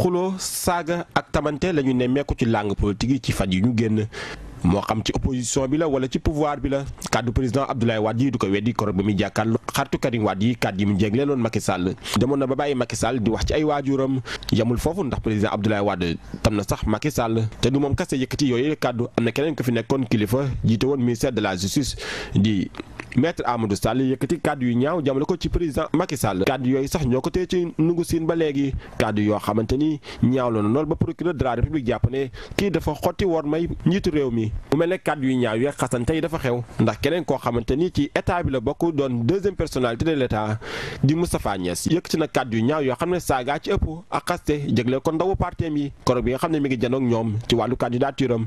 xuloo saaga ak tamante la ñu nemmeeku ci langue politique yi ci fan yi ñu génn moo xam ci opposition bi la wala ci pouvoir bi la kaddu président Abdoulaye Wade yi du ko weddi koro ba muy jàkkaarloo xartu Karim Wade yi kàddu yi mu jégle loon Macky Sall demoon na ba bàyyi Macky Sall di wax ci ay waajuram yamul foofu ndax président Abdoulaye Wade tam na sax Macky Sall te du moom kase yëkkati yooyu kàddu am na keneen ko fi nekkoon kilifa jiite woon ministère de la justice di maître Amadou Sall yëkkati kàddu yu ñaaw jàmale ko ci président Macky Sall kàddu yooyu sax ñoo ko tee ci nungu siin ba léegi kàddu yoo xamante ni ñaaw la lool ba procureur de la république jàpp ne kii dafa xotti war may njiitu réew mi mu mel ne kàddu yu ñaaw yee xasante tey dafa xew ndax keneen koo xamante ni ci état bi la bokk doon deuxième personnalité de l' état di Moustapha Niass yëkkati na kàddu yu ñaaw yoo xam ne saagaa ci ëpp ak xaste jëgle ko ndawu parteem yi koro bi nga xam ne mi ngi janoog ñoom ci wàllu candidature am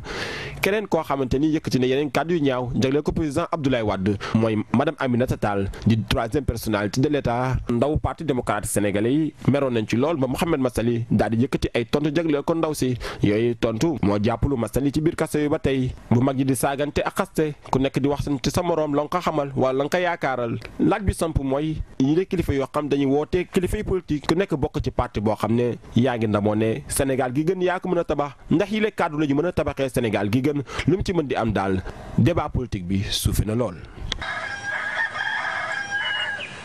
koo xamante ni yëkkati na yeneen kàddu yu ñaaw jëgle ko président Abdoulaye Wade mooy madame Aminata Tall di troisième personnalité de l'État ndaw parti démocrate sénégalais yi meroon nañ ci lool ba Mouhamed Massaly daal di yëkkati ay tontu jagleel ko ndaw si yooyu tontu moo jàppalu Massaly ci biir kaso yu ba tey bu mag ji di saagante ak xaste ku nekk di waxante sa moroom la nga ko xamal wala la nga ko yaakaaral laaj bi samp mooy ñi de kilifa yoo xam dañuy wootee kilifa yi politique ku nekk bokk ci parti boo xam ne yaa ngi ndamoo ne Sénégal gi gën yaa ko mën a tabax ndax yi le kàddu la ñu mën a tabaxee Sénégal gi gën lu mu ci mën di am daal débat politique bi suufi na lool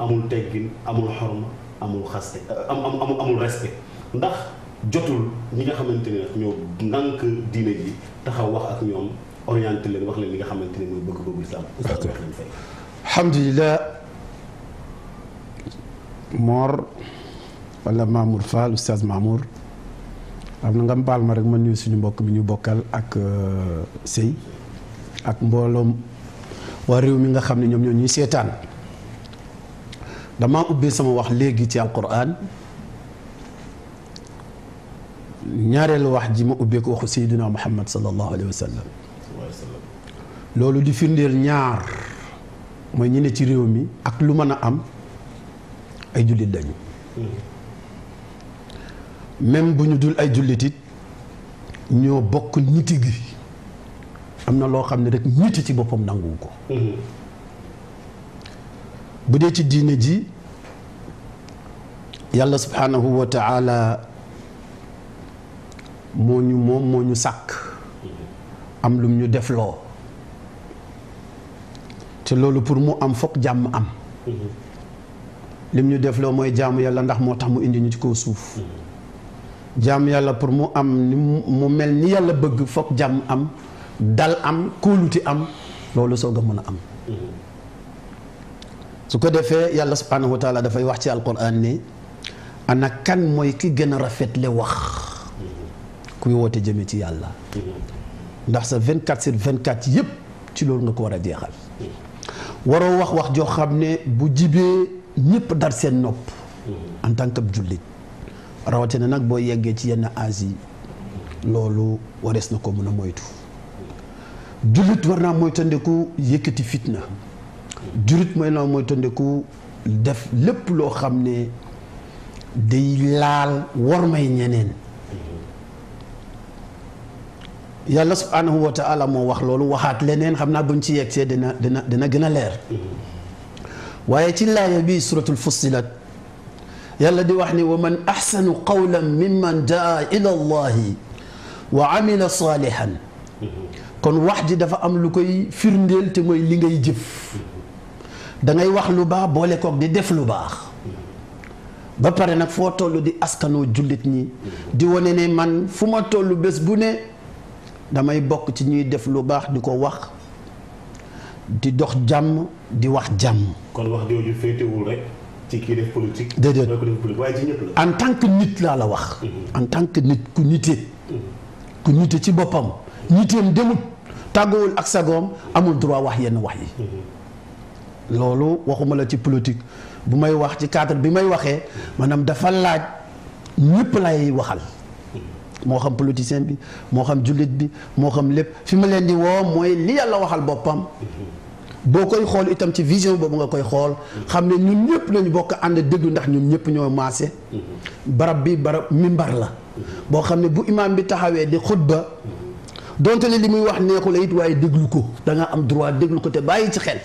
amul teggin amul xorma amul xaste euh, amul amul respect ndax jotul ñi nga xamante ne nag ñoo ndànk diine ji taxaw wax ak ñoom orienté leen wax leen li nga xamante ne mooy bëgg-bëggu islam. ok alhamdulilah Mor wala Mamour Fall oustaz Mamour am na nga baal ma rek ma nuyu suñu mbokk bi ñu bokkal ak euh, sëy ak mbooloom waa réew mi nga xam ne ñoom ñoo ñuy seetaan. damaa ubbee sama wax léegi ci alquran ñaareelu wax ji ma ubbee ko waxu sayyidina muhammad sallallahu alayhi wa sallam loolu di firndeel ñaar mooy ñi ne ci réew mi ak lu mën a am ay jullit lañu même bu ñu dul ay jullit it ñoo bokk niti gi am na loo xam ne rek nit ci boppam nanguwu ko bu dee ci diine ji yàlla subhaanahu wa taala moo ñu moom moo ñu sàkk am lum ñu def loo te loolu pour mu am foog jàmm am lim ñu def loo mooy jaamu yàlla ndax moo tax mu indi ñu ci kaw suuf jaamu yàlla pour mu am ni mu mel ni yàlla bëgg foog jàmm am dal am kóolute am loolu soog a mën a am su ko defee yàlla subhaanahu wa taala dafay wax ci alquran ni ana kan mooy ki gën a rafet rafetle wax kuy woote jëme ci yàlla ndax sa vingt sur 24 yëpp ci loolu nga ko war a jeexal waroo wax wax joo xam ne bu jibee ñëpp dar seen nopp en tant que jullit rawatina nag boo yeggee ci yenn âge loolu warees na ko mën a moytu jullit war naa moytandiku yëkkati fitna jurit mooy lan mooy tondeku def lépp lo xamne day laal wor may ñeneen yàlla subhanahu wa taala mo wax lolu waxat leneen xamna buñ ci yexé dina dina gëna gën a leer waaye ci laaya bi suratul fussilat yàlla di wax ni wa man ahsanu qawlan mimman jaa ila allah wa amila salihan kon wax ji dafa am lu koy firndel te moy li ngay jëf da ngay wax lu baax boole kook di def lu baax ba pare nag foo toll di askanoo jullit ñi di wane ne man fu ma tollu bés bu ne damay bokk ci ñuy def lu baax di ko wax di dox jàmm di wax jàmm. kon wax jooju ci kii def en tant que nit laa la wax. Mm-hmm. en tant que nit ku nite. Mm-hmm. ku nite ci boppam. niteem demut tàggoowul ak sagoom amul droit wax yenn wax yi. Mm-hmm. loolu waxuma la ci politique bu may wax ci cadre bi may waxee maanaam dafa laaj ñépp lay waxal moo xam politicien bi moo xam jullit bi moo xam lépp fi ma leen di woo mooy li yàlla waxal boppam boo koy xool itam ci vision boobu nga koy xool xam ne ñun ñëpp nañu bokk ànd déglu ndax ñun ñëpp ñoo maase barab bi barab mimbar la boo xam ne bu imam bi taxawee di xutba donte li muy wax neexu la it waaye déglu ko danga am droit déglu ko te bàyyi ci xel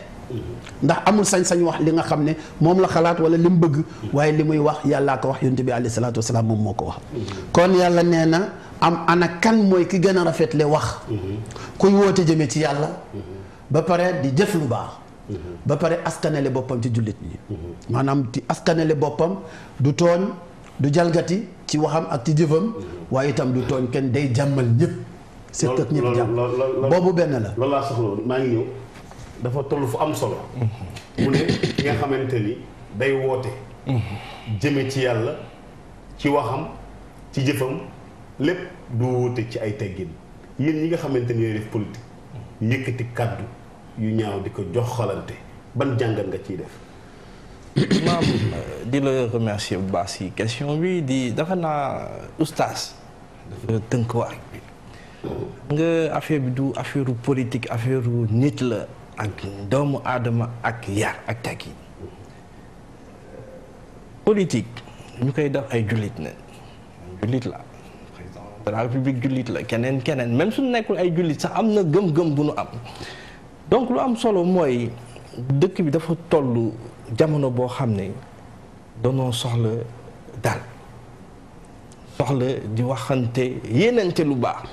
ndax amul sañ-sañ wax li nga xam ne moom la xalaat wala li mu bëgg waaye li muy wax yàllaa ko wax yonent bi alayhi salaatu wasalaam moom moo ko wax kon yàlla nee na am ana kan mooy ki gën a rafet rafetle wax kuy woote jëme ci yàlla ba pare di jëf lu baax ba pare askanale boppam ci jullit ñi maanaam di askanale boppam du tooñ du jalgati ci waxam ak ci jëfam waaye itam du tooñ kenn day jàmmal ñëpp seet ak ñëpp jàmm boobu benn la loolu laa soxla woon dafa toll fu am solo. mu ne ki nga xamante ni day woote. jëme ci yàlla ci waxam ci jëfam lépp du wuute ci ay teggin yéen ñi nga xamante ni yooyu def politique yëkkati kàddu yu ñaaw di ko jox xalante ban jàngat nga ciy def. di la remercier bu baax si question bi di dafa naa oustaz. dafa tënk wax bi. Oh. nga affaire bi du affaire politique affaire nit la. ak doomu aadama ak yar ak tekki politik ñu koy def ay jullit na jullit la président république jullit la keneen keneen même su nekkul ay jullit sax am na gëm-gëm bu nu am donc lu am solo mooy dëkk bi dafa tollu jamono boo xam ne danoo soxla dal soxla di waxante yéenante lu baax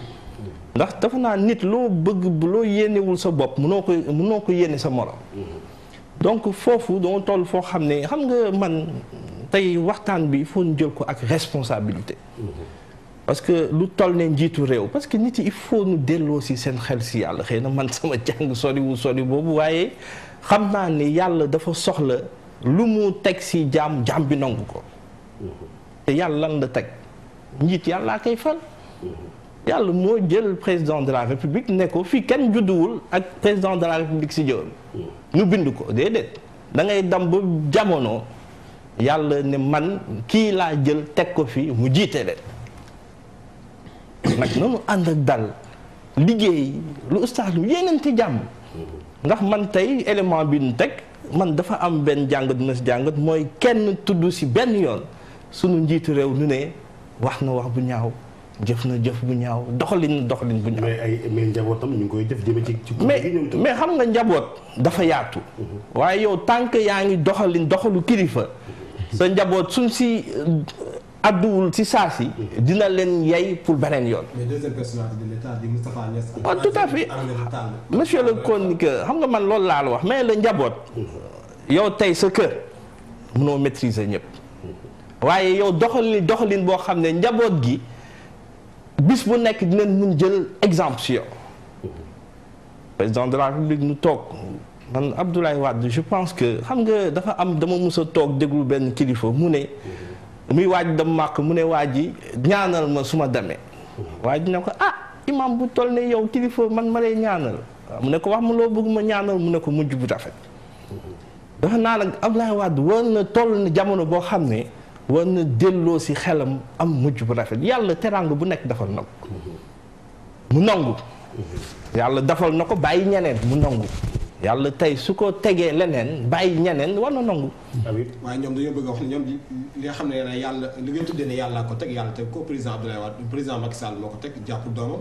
ndax dafa naa nit loo bëgg loo yéenewul sa bopp mënoo ko mënoo ko yéene sa morom. donc foofu dama toll foo xam ne xam nga man tey waxtaan bi il faut jël ko ak responsabilité. parce que lu toll ne njiitu réew parce que nit yi il faut ñu delloo si seen xel si yàlla xëy na man sama jàng soriwul sori boobu waaye xam naa ne yàlla dafa soxla lu mu teg si jaam jaam bi nangu ko. te yàlla lan la teg njiit yàllaa koy fal. yàlla moo jël président de la république ne ko fii kenn judduwul ak président de la république si jëwam hmm. ñu bind ko déedéet da ngay dam ba jamono yàlla ne man kii laa jël teg ko fi mu jiite leen nag noonu ànd ak dal liggéey lu ustaas lu yéenante jàmm hmm. ndax man tey élément bi ñu teg man dafa am benn jàngat ma si jàngat mooy kenn tudd si benn yoon sunu njiitu réew ñu ne wax na wax bu ñaaw jëf na jëf bu ñaaw doxalin doxalin bu ñaaw. mais ay mais njabootam ñu ngi koy def jëme ci mais mais xam nga njaboot dafa yaatu. Mhm. waaye yow tànk yaa ngi doxalin doxalu kilifa. sa njaboot suñ si euh, adduwul si saa si. Mhm. dina leen yey pour beneen yoon. mais deuxième personnalité ah, le chroniqueur xam nga man loolu laa la wax mais la njaboot. Mhm. yow tey sa kër mënoo maîtriser ñëpp. waaye yow doxalin doxalin boo xam ne njaboot gi. bis bu nekk dina mun jël exemple si yow président de la république nu toog man Abdoulaye Wade je pense que xam nga dafa am dama mus a toog déglu benn kilifa mu ne muy waaj dem màkk mu ne waa ji ñaanal ma su ma demee waa ji ne ko ah imam bu toll ne yow kilifoo man ma lay ñaanal mu ne ko wax ma loo bëgg ma ñaanal mu ne ko mujj bu rafet dafa naa nag war na toll na jamono boo xam ne war na delloo si xelam am mujj bu rafet yàlla teraanga bu nekk defal na ko mu nangu yàlla defal na ko bàyyi ñeneen mu nangu yàlla tey su ko tegee leneen bàyyi ñeneen war na nangu waaye ñoom dañoo bëgg a wax ne ñoom li nga xam ne yàlla li ngeen tuddee ne yàlla ko teg yàlla teg ko président Abdoulaye Wade président Macky Sall moo ko teg jàpp doomam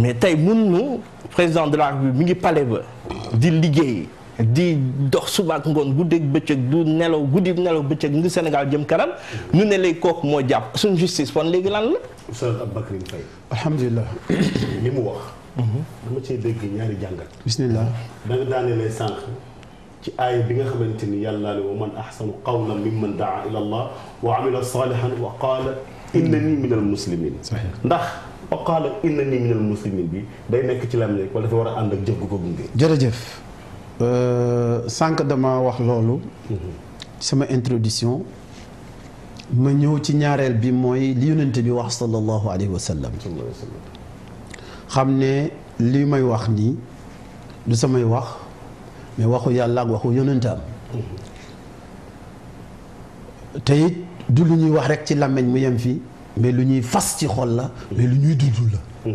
mais tay mun président de la République mi ngi pale ba di liggéey di dox suba ak ngoon ak bëccëg du nelaw guddi nelaw bëccëg ngi Sénégal jëm kanam ñu ne lay kok mo jàpp suñu justice fon légui lan la. Oustaz Aboubacry Faye. alhamdulilah. li mu wax. dama cee dégg ñaari jangal bismillah da nga dané lay sank ci ay bi nga xamanteni yàlla ne wa man ahsanu qawlan mimman daa ila allah wa amila salihan wa qala innani minal muslimin. ndax. وقال انني من المسلمين بي داي نيك تي لام نيك ولا في ورا اندك جيغ كو غوندي جيرجيف ا آه، سانك داما واخ لولو سما انتروديسيون ما نيو تي نياارل بي موي لي يوننت بي واخ صلى الله عليه وسلم صلى الله عليه وسلم خامني لي ماي واخ ني دو سماي واخ مي واخو يالا واخو يوننتام تايت دو لي ني واخ رك تي لامن مو يم في mais lu ñuy fas ci xol la mais lu ñuy dund la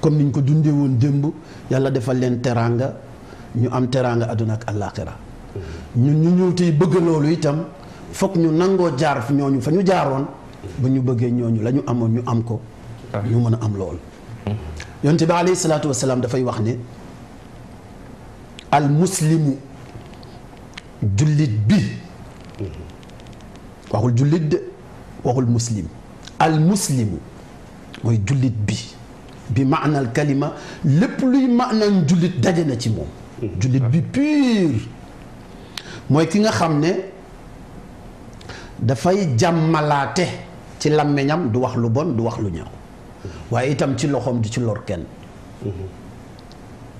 comme niñ ko dundee woon démb yàlla defal leen teraanga ñu am teraanga àdduna ak àllaaxira ñun ñu ñëw tey bëgg loolu itam foog ñu nangoo jaar fi ñooñu fa ñu jaaroon bu ñu bëggee ñooñu lañu amoon ñu am ko ah. ñu mën a am lool yonte bi alayhi salaatu wasalaam dafay wax ne al jullit bi mm-hmm. waxul jullit de وهو المسلم المسلم موي جوليت بي بمعنى الكلمه لبلي معنى جوليت داجنا تي موم جوليت بي بير موي كيغا خامني دا فاي جمالاتي تي لامنيام دو واخ لو بون دو واخ لو نياو واي ايتام تي لوخوم دي تي لور كين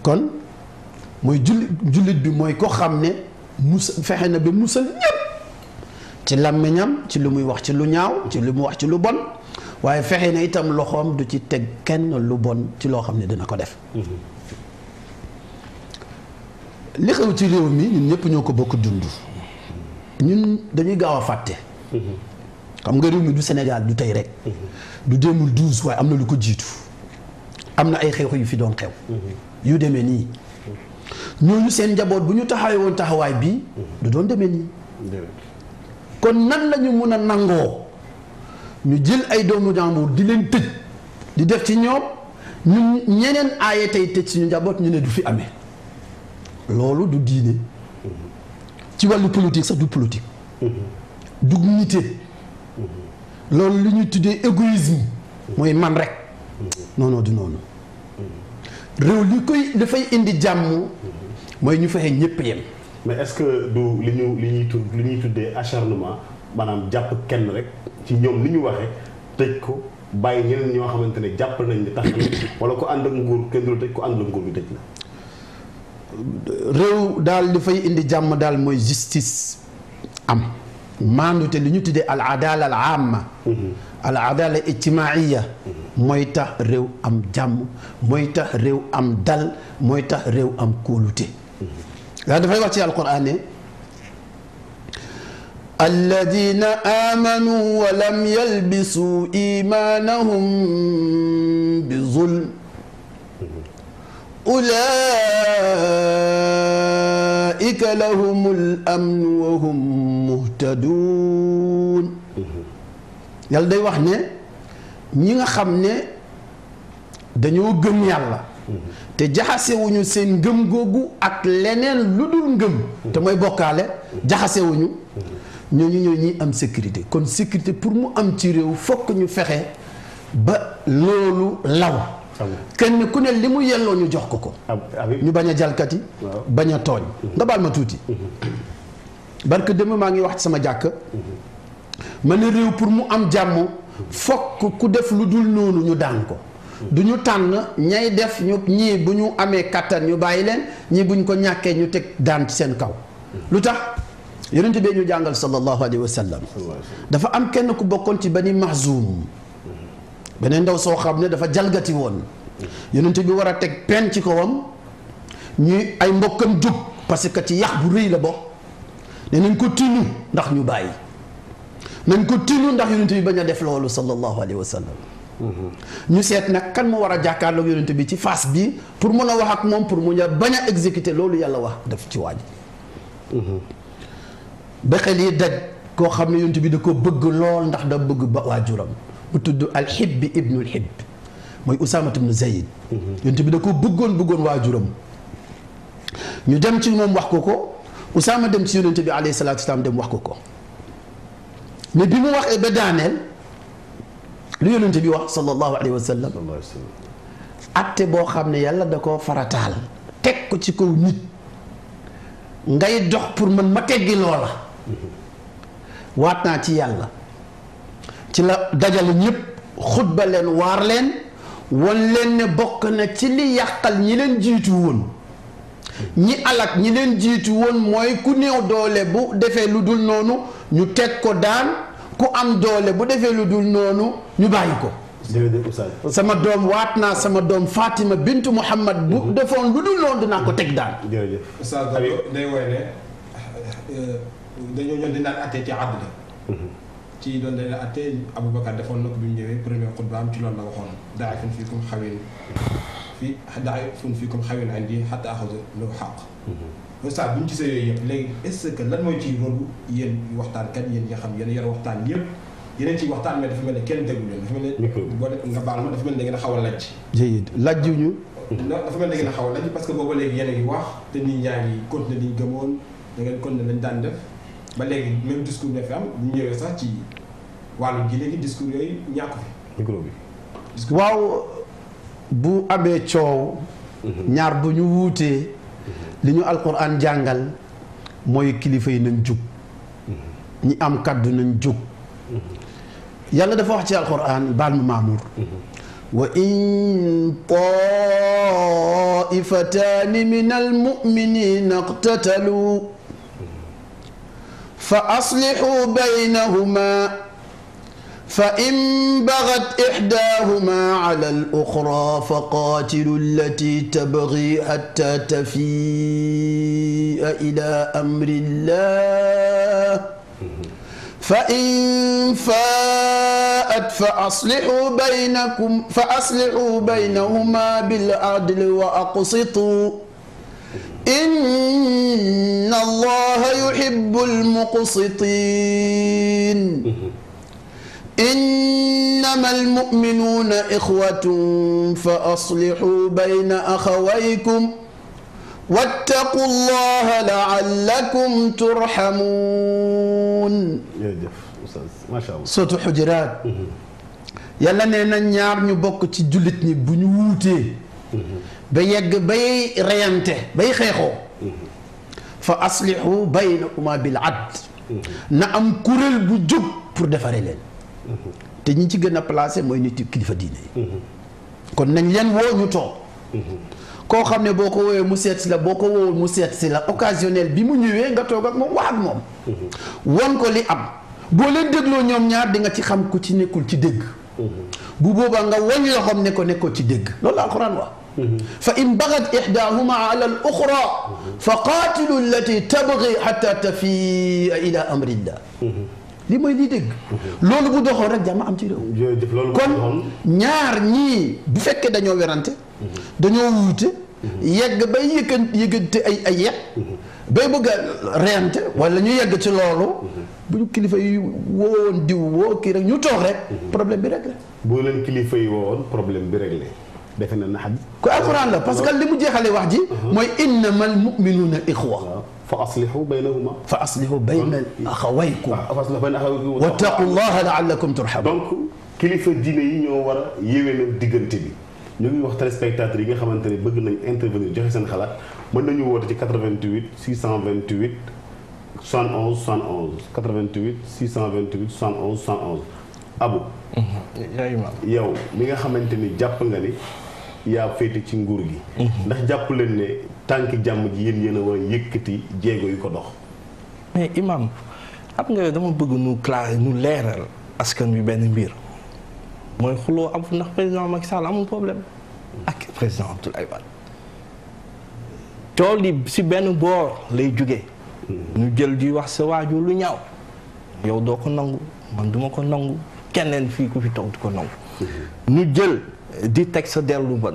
كون موي جوليت بي موي كو خامني موسى فخينا بي موسى نيب ci làmmiñam ci lu muy wax ci lu ñaaw ci lu mu wax ci lu bon waaye fexe na itam loxoom du ci teg kenn lu bon ci loo xam ne dina ko def mm-hmm. li xew ci réew mi ñun ñëpp ñoo ko bokk dund ñun dañuy gaaw a fàtte mm-hmm. xam nga réew mi du Sénégal du tey rek mm-hmm. du 2012 waaye am na lu ko jiitu am na ay xew yu fi doon xew yu demee nii ñooñu seen njaboot bu ñu taxawee woon taxawaay bi du doon demee nii kon nan lañu mun a nangoo ñu jël ay doomu jàmbur di leen tëj di def ci ñoom ñu ñeneen aaye tey tëj suñu njaboot ñu ne du fi amee loolu du diine ci wàllu politique sax du politique du loolu li ñu tuddee égoïsme mooy man rek non non noonu réew li koy dafay indi jàmm mooy ñu fexe ñëpp yem mais est-ce que du li ñu li ñuy tudd li ñu tuddee acharnement maanaam jàpp kenn rek ci ñoom lu ñu waxee tëj ko bàyyi ñeneen ñoo xamante ne jàpp nañ ni tax wala ku ànd ak nguur kenn du la tëj ku ànd ak nguur bi tëj la. réew daal li fay indi jàmm daal mooy justice am maandu te li ñu tuddee al adala al amma mm-hmm. al adala ijtimaiya mm-hmm. mooy tax réew am jàmm mooy tax réew am dal mooy tax réew am kóolute mm-hmm. هذا في الوقت القرآن الذين آمنوا ولم يلبسوا إيمانهم بظلم أولئك لهم الأمن وهم مهتدون يالدي وحني نيغا خامني دانيو گم يالا te jaxasewuñu seen ngëm googu ak leneen lu dul ngëm te mooy bokkaale jaxasewuñu ñooñu ñoo ñii am sécurité kon sécurité pour mu am ci réew fokk ñu fexe ba loolu law kenn ku ne li mu yelloo ñu jox ko ko ñu bañ a jalkati bañ a tooñ nga baal ma tuuti barke démb maa ngi wax ci sama jàkk mën ne réew pour mu am jàmm fokk ku def lu dul noonu ñu daan ko du ñu tànn ñay def ñu ñii bu ñu amee kàttan ñu bàyyi leen ñii buñ ko ñàkkee ñu teg daan seen kaw lu tax yonent bee ñu jàngal sallallahu alayhi wa dafa am kenn ku bokkoon ci ba bani mahzoum beneen ndaw soo xam ne dafa jalgati woon yonent bi war a teg pen ci kawam ñuy ay mbokkam jub parce que ci yax bu rëy la bokk ne nañ ko tinu ndax ñu bàyyi nañ ko tinu ndax yonent bi bañ a def loolu sallallahu alayhi wa ñu seet nag kan mu war a jàkkaarloog yonent bi ci face bi pour mën a wax ak moom pour mu ña bañ a exécuter loolu yàlla wax def ci waaj ba xel yi daj koo xam ne yonent bi da ko bëgg lool ndax da bëgg ba waajuram bu tudd alxibbi ibnul xibb mooy Usaama ibnu Zayd yonent bi da ko bëggoon bëggoon waajuram ñu dem ci moom wax ko ko Usaama dem ci yonent bi alayhi salaatu salaam dem wax ko ko mais bi mu waxee ba daaneel lu yonente bi wax sallallahu alayhi wa sallam atte boo xam ne yàlla da koo farataal teg ko ci kaw nit ngay dox pour man ma teggi loola waat naa ci yàlla ci la dajale ñépp xutba leen waar leen wan leen ne bokk na ci li yàqal ñi leen jiitu woon ñi alak ñi leen jiitu woon mooy ku néew doole bu defee lu dul noonu ñu teg ko daan ku am doole bu defee lu dul noonu ñu bàyyi ko sama doom waat naa sama doom Fatima bintu Muhammad bu mhm. defoon lu dul noonu dinaa ko teg daal daan ustaz day woy ne euh, dañoo ñoon dinaan attee ci àdduna mhm. ci doon dañ la attee Aboubacar defoon na ko bi mu ñëwee premier xutba am ci lool na waxoon daa fun fii comme xawin fii daay fun fii comme xawin indi xatta axasu lu xaq saa bu ñu gisee yooyu yëpp léegi est-ce que lan mooy ci rôle yéen waxtaankat yéen nga xam yéen yor waxtaan yëpp yeneen ci waxtaan mais dafa mel ne kenn déglu leen dafa mel ne boo de nga a a lajj jëyit lajju ñu dafa mel ne da xaw a lajj parce que booba léegi yéen a ngi wax te nit ñaa ngi continuer liñ gëmoon da ngeen continuer lañ daan def ba léegi même discours ne fi am ñëwee sax ci wàllu gi léegi discours yooyu ñàkk fi bi waaw bu amee coow mhm. ñaar bu ñu wuutee li ñu alquran jàngal mooy kilifa yi nañ jug ñi am kaddu nañ jug yàlla dafa wax ci baal ma maamuur wa in taifataani min almuminina iqtatalu fa aslixu baynahuma فإن بغت إحداهما على الأخرى فقاتلوا التي تبغي حتى تفيء إلى أمر الله فإن فاءت فأصلحوا بينكم فأصلحوا بينهما بالعدل وأقسطوا إن الله يحب المقسطين إنما المؤمنون إخوة فأصلحوا بين أخويكم واتقوا الله لعلكم ترحمون ما شاء الله صوت حجرات يلا نينا نيار ني بوك تي جوليت ني بو ني ريانتي باي خيخو فاصلحوا بينكما بالعد نعم كورل بو جوب te ñi ci gën a placé mooy nit kilifa diine yi kon nañ leen woo ñu toog koo xam ne boo ko woowee mu seet si la boo ko woowul mu seet si la occasionnel bi mu ñëwee nga toog ak moom wax ak moom won ko li am boo leen dégloo ñoom ñaar di nga ci xam ku ci nekkul ci dégg bu boobaa nga wañ loxoom ne nekkoo ci dégg loolu la alxuraan wax fa in bagat ihdahuma ala al fa qaatilu allati tabgi xata tafiia ila amrillah li moy li deug loolu bu doxo rek jàmm am ci rew kon ñaar ñi bu fekke dañoo werante dañoo wuté yegg bay yëkkan yëggante ay ay yet. bay bëgg a wala ñu yegg ci loolu. bu ñu kilifa yi woon di wo ki rek ñu tok rek. problème bi réglé. bo leen kilifa yi woon problème bi réglé. defe na naxal. ko alcorane la parce que limu jéxalé wax ji. moy innamal mu'minuna ikhwa فأصلحوا بينهما فأصلحوا بين أه. أخويكم أه. فأصلحوا بين أخويكم واتقوا الله لعلكم ترحمون دونك كليفة دينية يوارا يوين ديغنتي بي نيجي وقت الاستفتاتري يا خمن تري بعدين ينتظر جهاز الخلاء من نيجي وقت 88 628 111 111 88 628 111 أبو يا إمام يا ومن يا خمن تري يا فيتي تشينغوري نح tànki jàmm ji yéen yéen a war a yëkkati jéego yu ko dox. mais imam am nga dama bëgg nu classe nu leeral askan wi benn mbir mooy xuloo am ndax président Macky Sall amul problème ak président Abdoulaye Wade tool yi si benn boor lay jóge ñu hmm. jël di wax sa waajur lu ñaaw yow doo ko nangu man duma ko nangu keneen fii ku fi toog du ko nangu ñu hmm. jël di teg sa dellu ban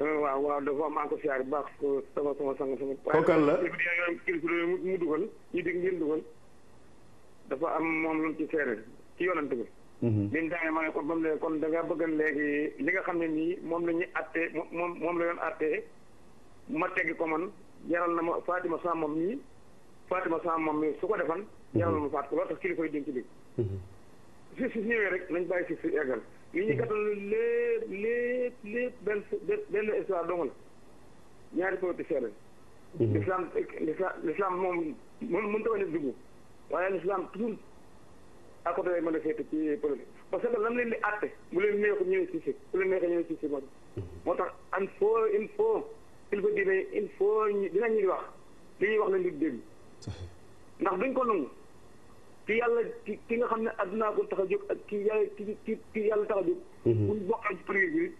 Euh, waaw waaw dafa am encore siyaar bu baax euh, sama sama sang sama. kookal la waaye mu mu dugal ñu dig ngeen dugal dafa am moom lu ci seere ci yonant bi. Mhm. bi mu daanee ma ne kon ba mu kon da ngaa léegi li nga xam ne nii moom la ñuy àttee moom moom la yoon àttee ma teggi ko man jaral na ma Fatima sama moom mii ma sama moom mii su ko defan jaral na ma mhm. faat ko loolu tax kilifa yi duñ ci dig. Mhm. si si ñëwee rek nañ bàyyi si si eggal. li ñu gàttal lépp lépp lépp benn benn histoire dong la ñaari politiciens lañ. Mhm. l'islam l'islam moom moom mënut a wane dugg waaye l'islam toujours à côté lay mën a féete ci politique parce que lan leen li àtte bu leen neexul ñëwee si si bu leen neexee ñëwee si si moom. Mhm. moo tax il faut il faut il dina dinañ il faut ñu dinañ ñuy wax li ñuy wax lañ di dégg. ndax duñ ko nangu. ki yàlla ki ki nga xam ne àdduna ko tax a jóg ak ki yàlla ki ki yàlla tax a jóg. Mm-hmm. buñ bokk ak prix bi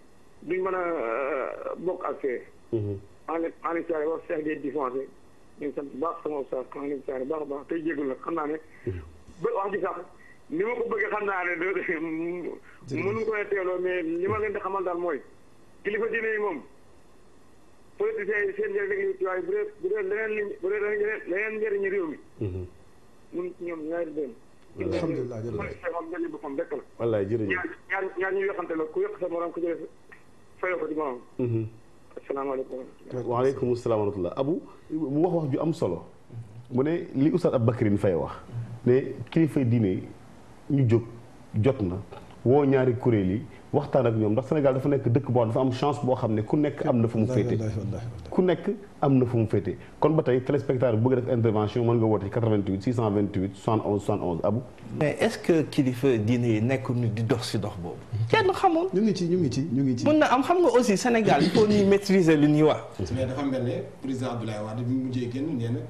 duñ man a euh, bokk ak fee. Aliou Aliou Saare wax chef des divorcés baax sama oustaz Aliou baax baax tey jégalu la xam naa ne. Mm-hmm. ba wax ji sax ni ma ko bëggee xam naa ne doo mënu ko teeloo mais li ma leen di xamal daal mooy kilifa diine yi moom. politiciens yi seen njëriñ rek la ñu bu dee leneen leneen leneen njëriñu réew mi. Mm-hmm. mu ñoom alhamdulilah jërëjëf mu ngi ci moom benn la. wallaay jërëjëf ñaar ñaar ñuy waxante la ku yëq sa morom ko di morom. Mm-hmm. asalaamaaleykum. waaleykum salaam wa rahmatulah Abu mu wax wax ju am solo. mu ne li Oustaz Aboubacry Faye wax. ne kilifa diine ñu jóg jot na woo ñaari kuréel yi. Il ak a ndax Sénégal dafa nekk dëkk boo dafa am chance boo xam ku nekk am na fu mu féete ku nekk am na fu mu féete kon ba tey téléspectateur bëgg def intervention mën nga 88 628 71 71 mais est-ce que kilifa yi ni di dox si dox boobu hmm. kenn xamul ñu ngi ci ñu ngi ci ñu Sénégal il faut maîtriser lu mais dafa président Abdoulaye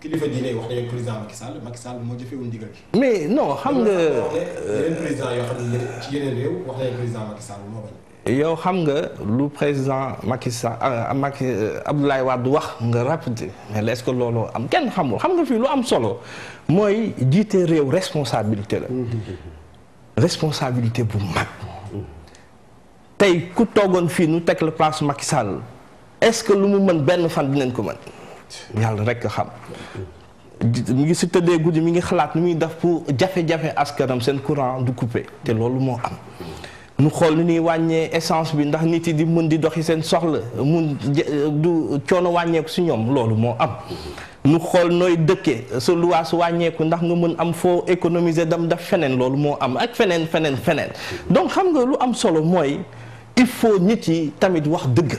kilifa diine yi wax day président Macky Sall Macky Sall moo jëfewul ndigal gi. mais non xam nga. yeneen président yo xam ne ci yeneen rew wax day président Macky Sall mo bañ. yow xam nga lu président Macky Sall euh, Macky euh, Abdoulaye Wade wax nga rapide mais est-ce que lolo am kenn xamul xam nga fi lu am solo moy jité rew responsabilité la. responsabilité bu mag. tay ku togon fi nu tek le place Macky Sall est-ce que lu mu mën ben fan dinañ ko mën. yàlla rek xam mi ngi si tëddee guddi mi ngi xalaat nu muy def pour jafe-jafe askanam seen courant du coupé te loolu moo am nu xool ni ñuy wàññee essence bi ndax nit yi di mën di doxi seen soxla mun du coono wàññeeku si ñoom loolu moo am nu xool nooy dëkkee sa luwaas wàññeeku ndax nga mën am foo économiser dem daf feneen loolu moo am ak feneen feneen feneen donc xam nga lu am solo mooy il faut nit yi tamit wax dëgg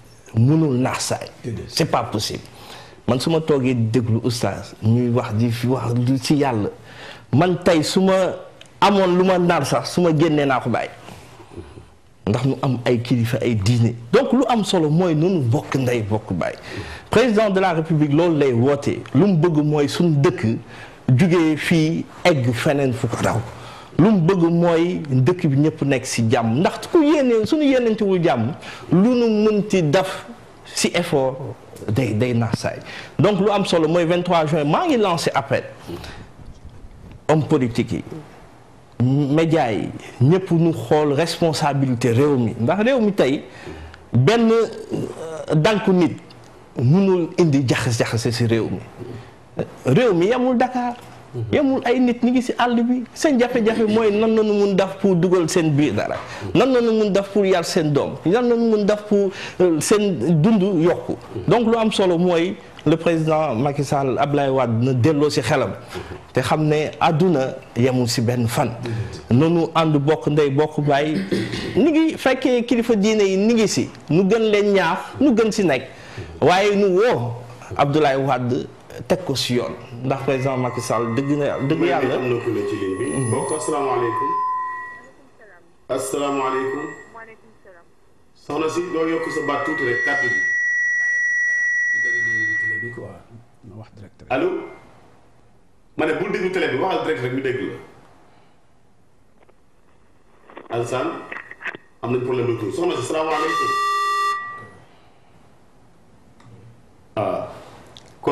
mënul naax saay c'est pas possible man suma ma toogee déglu oustaz ñuy wax di fi wax ci yàlla man tey suma ma amoon lu ma naar sax suma ma génnee naa ko bàyyi ndax mu am ay kilifa ay diine donc lu am solo mooy noonu bokk ndey bokk bàyyi président de la république loolu lay woote lu mu bëgg mooy suñ dëkk jugee fii egg feneen fu ko daw lu mu bëgg mooy dëkk bi ñëpp nekk si jàmm ndax ku yéeneen suñu yéenentewul jàmm lu nu mënti daf si effort day day naasaay donc lu am solo mooy 23 juin maa ngi lancé appel homme politique yi média yi ñëpp ñu xool responsabilité réew mi ndax réew mi tey benn euh, dànku nit mënul indi jaxas-jaxase si réew mi réew mi yamul Dakar Mhm. yemul ay nit ñi ngi ci all bi seen jafé jafé moy nan la ñu mun pour dugal seen bi dara nan la ñu mun pour yar seen dom nan la ñu mun pour euh, seen dundu yokku mhm. donc lu am solo moy le président Macky Sall Ablaye Wade mhm. ne delloo si xelam té xamné aduna yemul si ben fan nonu and bokk ndey bokk bay ni ngi féké kilifa diine yi ni ngi ci nu gën leen ñaax nu gën ci nek waye nu wo Abdoulaye Wade teg ko si yoon ndax président Macky Sall dëgg na yàlla dëgg yàlla. am na ci ligne bi. Mm-hmm. mbokk asalaamaaleykum. asalaamaaleykum. soxna si doo yokk sa baat tuuti rek kàddu ma ne bul déglu télé bi waxal direct rek ñu dégg la. am nañ problème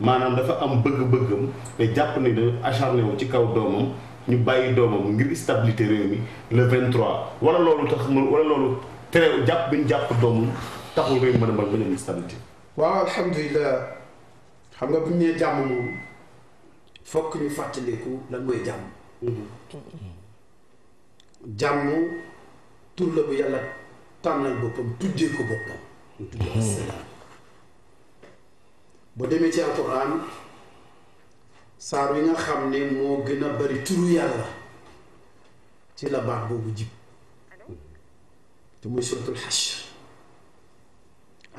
maanaam dafa am bëgg-bëggam te jàpp ne da acharné ci kaw doomam ñu bàyyi doomam ngir stabilité réew mi le 23 wala loolu tax wala loolu tere jàpp bi jàpp doomam taxul réew mën a mën bañ am stabilité. waaw xam nga bu ñu nee jàmm moom fokk ñu fàttaliku lan mooy jàmm. jàmm tur la bu yàlla tànnal boppam tuddee ko boppam. ko ba demee ci alquran saar wi nga xam ne moo gën a bari turu yàlla ci la baat boobu jib te muy suratul xashr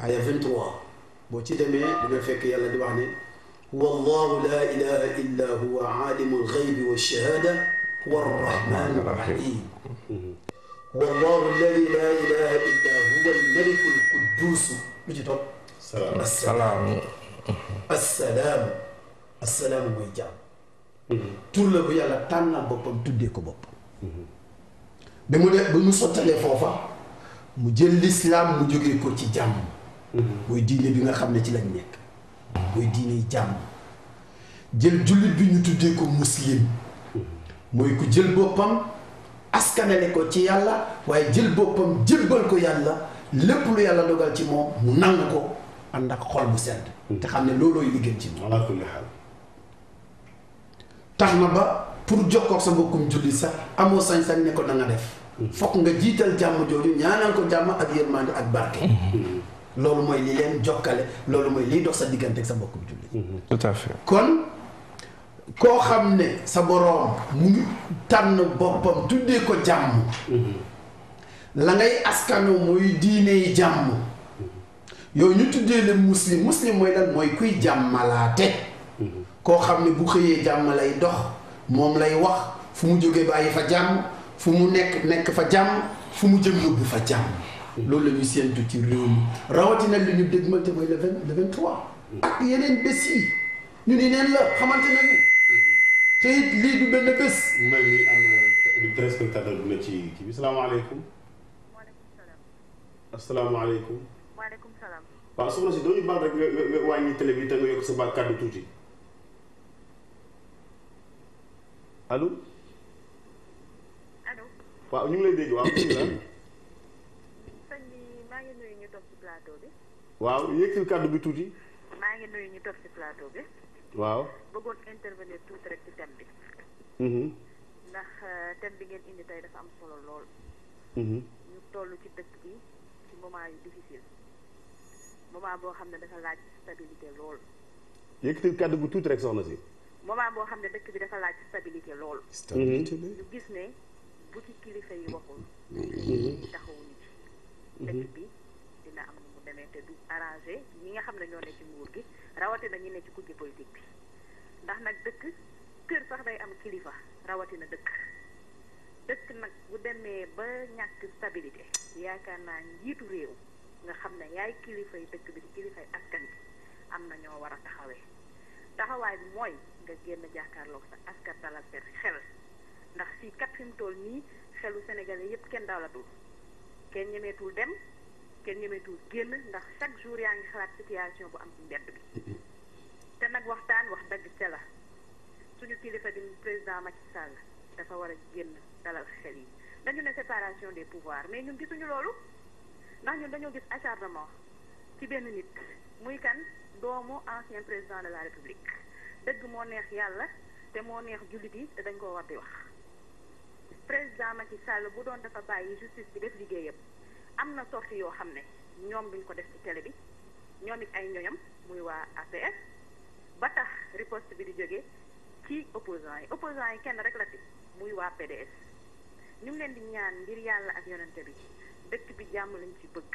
aaya 23 boo ci demee dina fekk yàlla di wax ne huwa allahu la ilaha illa huwa aalimu alxaybi walshahada huwa arrahman arrahim huwa allahu alladi la ilaha illa huwa almaliku alquddus lu ci topp salaam asalaam asalaam mooy jàmm mm-hmm. tur la bu yàlla tànnal boppam tuddee ko bopp mm-hmm. ba mu def ba mu sottalee foofa mu jël lislaam mu jógee ko ci jàmm booy mm-hmm. diine bi nga xam ne ci lañ nekk mooy diine jàmm jël jullit bi ñu tuddee ko muslim mooy ku jël boppam askanale ko ci yàlla waaye jël boppam jébbal ko yàlla lépp lu yàlla dogal ci moom mu nangu ko anda ak xol bu sedd hmm. te xam ne loolooy li gën ci moom ala kulli tax na ba pour sa mbokkum julli sax amoo sañ-sañ ne ko na nga def hmm. fokk nga jiital jàmm jooju ñaanal ko jàmm ak yërmande ak barke hmm. loolu mooy li leen jokkale loolu mooy liy dox sa diggante ak sa mbokkum julli tout à fait kon ne sa boroom mu ngi ko jàmm la ngay askano mooy yow ñu tuddee la muslim muslim mooy lan mooy kuy jàmmalaate koo xam ne bu xëyee jàmm lay dox moom lay wax fu mu jógee bàyyi fa jàmm fu mu nekk nekk fa jàmm fu mu jëm yóbbu fa jàmm loolu la ñu séentu ci réew mi rawatina li ñu dégmal te mooy le vingt le vingt trois ak yeneen bés yi ñu ni neen la xamante nañu te it lii du benn bés na ci kii bi salaamaaleykum waaw kan? soxna si dooñu baax rek nga iya, nga wàññi kan télé bi te nga yokk sa baax kàddu tuuti allo allo waaw ñu ngi lay dégg waaw bismillah sëñ bi maa ngi nuyu ñu toog ci plateau bi waaw yëkkil kàddu bi tuuti maa ngi nuyu ñu toog ci plateau bi waaw bëggoon intervenir tuuti rek ci thème bi ndax thème bi ngeen indi tey mm-hmm. nah, eh, dafa am solo lool ñu mm-hmm. toll ci dëkk bi ci moment yu difficile moment boo xam ne dafa laaj stabilité lool. yëkkati kàddu bu tuuti rek soxna si. moment boo xam ne dëkk bi dafa laaj stabilité lool. stabilité ñu gis ne bu ci kilifa yi waxul. Mm-hmm. taxawuñu ci. Mm-hmm. dëkk bi dina am nu mu demee te du arrangé ñi nga xam ne ñoo ne ci nguur gi rawatina ñi ne ci kujje politique bi ndax nag dëkk kër sax day am kilifa rawatina dëkk. dëkk nag bu demee ba ñàkk stabilité yaakaar naa njiitu réew. nga xam ne yaay kilifay dëkk bi di kilifay askan bi am na ñoo war a taxawee taxawaay bi mooy nga génn jàkkaarloog sa askan dalal seen xel ndax fii kat fi tool nii xelu sénégalais yépp kenn dalatul kenn ñemeetul dem kenn ñemeetul génn ndax chaque jour yaa ngi xalaat situation bu am ci mbedd bi te nag waxtaan wax dëgg ca la suñu kilifa di président Macky Sall dafa war a génn dalal xel yi dañu ne séparation des pouvoirs mais ñun gisuñu loolu ndax ñu dañoo gis acharnement ci benn nit muy kan doomu ancien président de la république dëgg moo neex yàlla te moo neex jullit yi te dañ koo war di wax président ci Sall bu doon dafa bàyyi justice bi def liggéeyam am na sorti yoo xam ne ñoom duñ ko def ci télé bi ñoom it ay ñoñam muy waa APR ba tax riposte bi di jógee ci opposants yi opposants yi kenn rek la fi muy waa PDS ñu ngi leen di ñaan ngir yàlla ak yonante bi dëkk bi jàmm lañ ci bëgg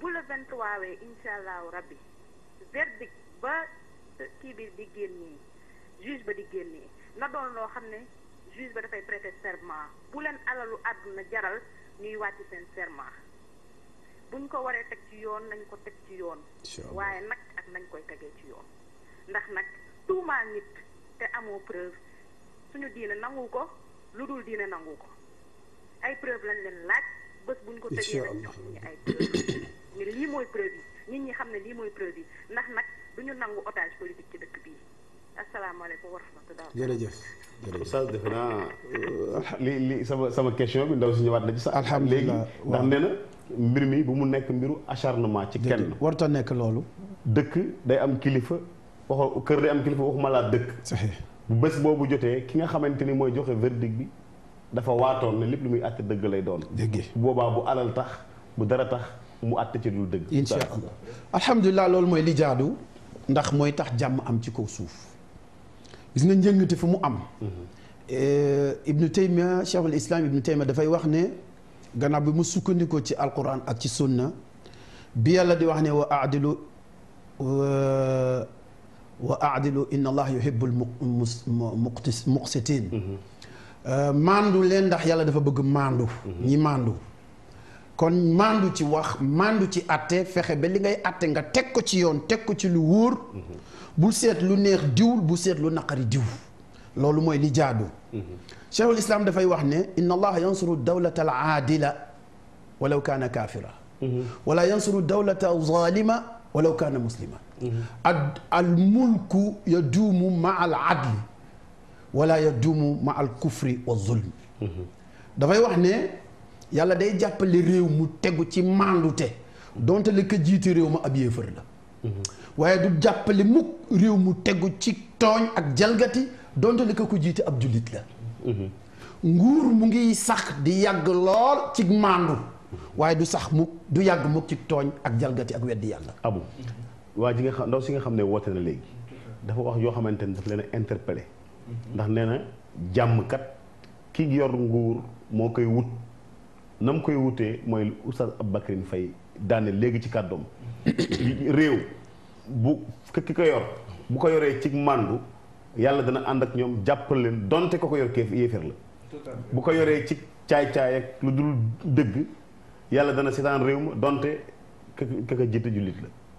bu la 23 wee incha allahu rabbi verdict ba euh, kii bi di génnee juge ba di génnee na doon loo xam ne juge ba dafay prêter serment bu leen alalu àdduna jaral ñuy wàcc seen serment buñ ko waree teg ci yoon nañ ko teg ci yoon waaye nag ak nañ koy tegee ci yoon ndax nag tuumaal nit te amoo preuve suñu diine nangu ko lu dul diine nangu ko ay preuve lañ leen laaj bés buñ ko tëjee rek jox lii lii euh, sama sama question bi ndaw si ñëwaat na ci sa alhamdulilah léegi ndax nee mbir mi bu mu nekk mbiru acharnement ci kenn. warta nekk loolu. dëkk day am kilifa kër day am kilifa waxuma laa dëkk. bu bés boobu jotee ki nga xamante ni mooy joxe verdict bi. dafa waton ne lépp lu muy àtte deug lay doon. dëgg boobaa bu alal tax bu dara tax mu àtte ci lu deug inshallah allah lol moy li jaadu ndax moy tax jam am ci ko souf gis nga njëngate fu mu am. euh Ibnu Taymiya al Islam Ibnu Taymiya fay wax ne gannaaw bu mu sukkandikoo ci alquran ak ci sunna bi yàlla di wax ne wa a'dilu wa a'dilu inna allah yuhibbul muqsitin mandu len ndax yàlla dafa bëgg mandu ñi mandu kon mandu ci wax mandu ci atte fexe ba li ngay atte nga tek ko ci yoon tek ko ci lu wóor. bu sét lu neex diwul bu sét lu naqari diw. lolu moy li jaadu. cheikhul islam da fay wax ne. inna allah yansuru dawlata al aadila walaw kaana kaafira. wala yansuru dawlata zalima walaw kaana muslima. al mulku yaduumu maa al adli wala yadumu ma al kufri wa zulm dafay wax ne yàlla day jàppale réew mu tegu ci maandute donte li ko jiite réew ma ab yéefar la waaye du jàppale mukk réew mu tegu ci tooñ ak jalgati donte li ko ko ab jullit la nguur mu ngi sax di yàgg lool ci maandu waaye du sax mukk du yàgg mukk ci tooñ ak jalgati ak weddi yàlla abu waa ji nga xam ndaw si nga xam ne woote na léegi dafa wax yoo xamante ne daf leen a interpellé ndax nee na jàmm kat ki yor nguur moo koy wut nam koy wutee mooy oustaz Aboubacrin Faye daane léegi ci kàddoom réew bu ki ko yor bu ko yoree ci màndu yàlla dana ànd ak ñoom jàppal leen donte ko ko yor kéef yéeféer la bu ko yoree ci caay-caay ak lu dul dëgg yàlla dana seetaan réew ma donte ka ka jiite jullit la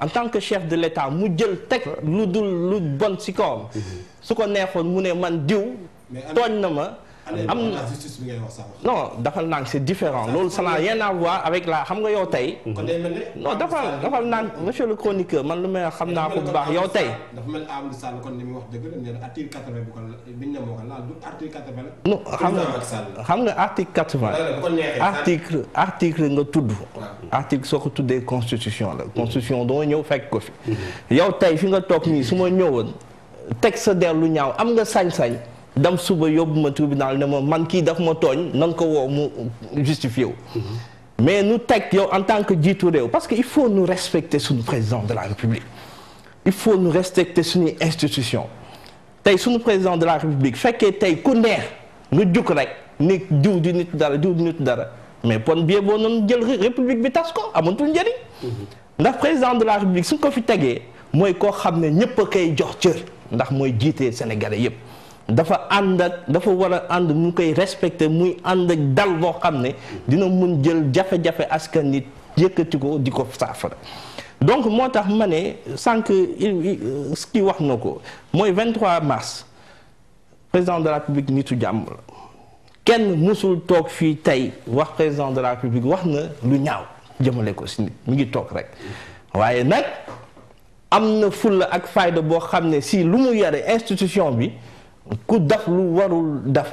en tant que chef de l'État mu jël teg lu dul lu bon si kawam mhm. su ko neexoon mu ne man diw tooñ na ma non c'est différent ça n'a rien à voir avec la non dafal monsieur le chroniqueur man lu ko bu baax non article 80, article article article sur constitution la mm-hmm. constitution dont nous fekk ko mm-hmm. yow tey fi nga toog nii su ma der dam suba yobuma ma tribunal ne ma man ki daf ma togn na nga ko mu justifier wu. Mhm. mais nous tek yow en tant que jiitu rew parce que il faut nous respecter le président de la république il faut nous respecter institutions institution tey le président de la république fekkee tay ku neex nga juk rek ni diw di nit dara diw nit dara mais pon bien boo noonu jël république bi tas ko amatul njëriñ mhm. ndax président de la république suñ ko fi tegee moy ko xam ñepp kay jox cër ndax moy jiitee sénégalais yépp dafa ànd ak dafa war a ànd mu koy respecter muy ànd ak dal bo xam ne dina mën jël jafé jafé askan nit yëkkati ko di ko donc motax mané sank ne sànq wax nako moy 23 mars président de la République nitu jamm ken musul tok fi tay wax président de la République wax na lu ñaaw jëmele ko ci nit mu ngi rek waaye nak am ful ak fayda bo xam ne si lu mu yare institution bi ku daf lu warul daf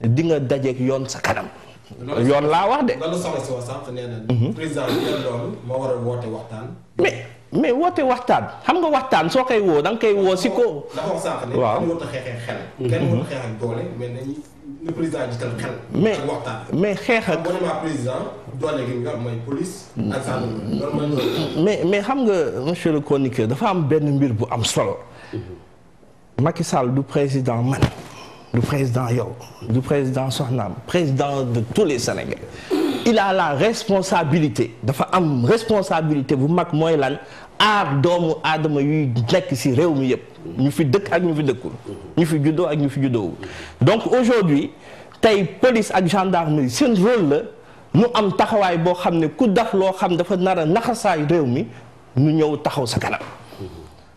di nga dajeeg yoon sa kanam. yoon laa wax de. sànq mhm. moo war woote waxtaan. mais mais woote waxtaan xam nga waxtaan soo koy woo da koy woo si ko. Mhm. mais mais xeex ak. mais xam nga monsieur le chroniqueur dafa am benn mbir bu am solo. Mhm. Macky président man du président Yo, du président le président de tous les Sénégalais il a la responsabilité a am responsabilité vous mag mooy lan aar doomu aadama de ci ñu fi ak ñu fi ñu fi donc aujourd'hui la police ak gendarmerie seen rôle la ñu am taxawaay bo xamné ku daf lo xam dafa nara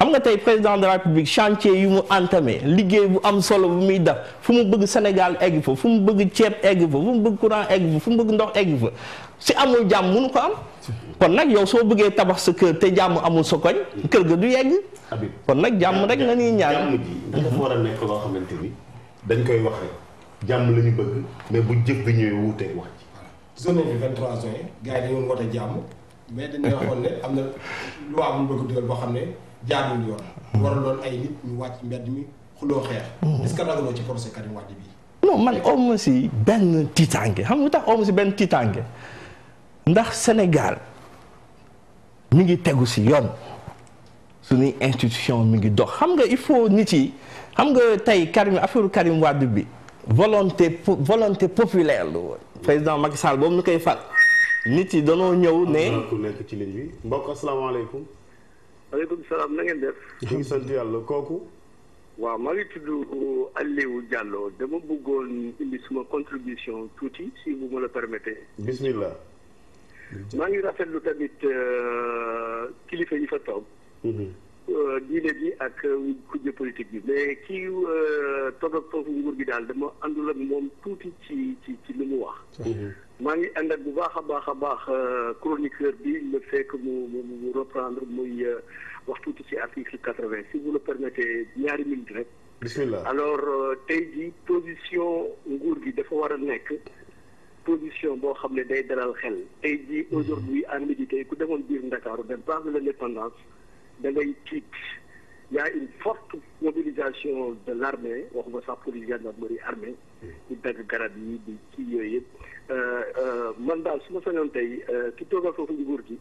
xam nga tey président de la république chantier yu mu entamé liggéey bu am solo bu muy def fu mu bëgg Sénégal egg fa fu mu bëgg ceeb egg fa fu mu bëgg courant egg fa fu mu bëgg ndox egg fa si amul jàmm mënu ko am kon nag yow soo bëggee tabax sa kër te jàmm amul sa koñ kër ga du yegg kon nag jàmm rek na ñuy ñaan jàmm ji a nekk loo xamante ni dañ koy wax rek jàmm ñu bëgg mais bu jëf bi ñëwee wuutee wax ci zone bi 23 juin gars yi dañoon mais dañ waxoon am na loi bu ñu boo xam ne jaarul yoon. waraloon ay nit ñu wàcc mbedd mhm. ci procès Karim Wade bi man awma si benn tiitaange xam nga lu tax awma si benn tiitaange ndax Sénégal mi ngi tegu si yoon suñuy institution mi ngi dox xam nga il faut nit yi xam nga tey Karim affaire Karim wadd bi volonté po volonté populaire la woon président Macky Sall boobu ñu koy fal nit yi danoo ñëw ne. ku maaleykum salaam nangeen def. ñu ngi sant yàlla kooku. waaw maa ngi tudd uh, Aliou Diallo dama bëggoon indi suma contribution tuuti si bu ma la permettez. bismillah. maa ngi rafetlu tamit uh, kilifa yi fa toog. Mhm. Uh, diine bi ak kujje politique bi mais kii toog ak foofu nguur gi daal dama àndul ak moom tuuti ci ci ci li mu wax. Mhm. maa ngi ànd ak bu baax a baax a baax euh, chroniqueur bi le fait que mu mu reprendre muy euh, wax ci article quatre si vous le permettez ñaari minute rek. bismillah alors euh, tey jii position nguur gi dafa war a nekk position boo xam ne day dalal xel tey jii hmm. aujourd'hui en midi médité ku demoon biir Ndakaaru dem place de l'indépendance da ngay tiit y a une forte mobilisation de l'armée waxuma sax police gendarmerie armée ci dagg garab yi di kii yooyu yëpp euh, euh, man daal su ma sañoon tey euh, ki toogal foofu nguur gi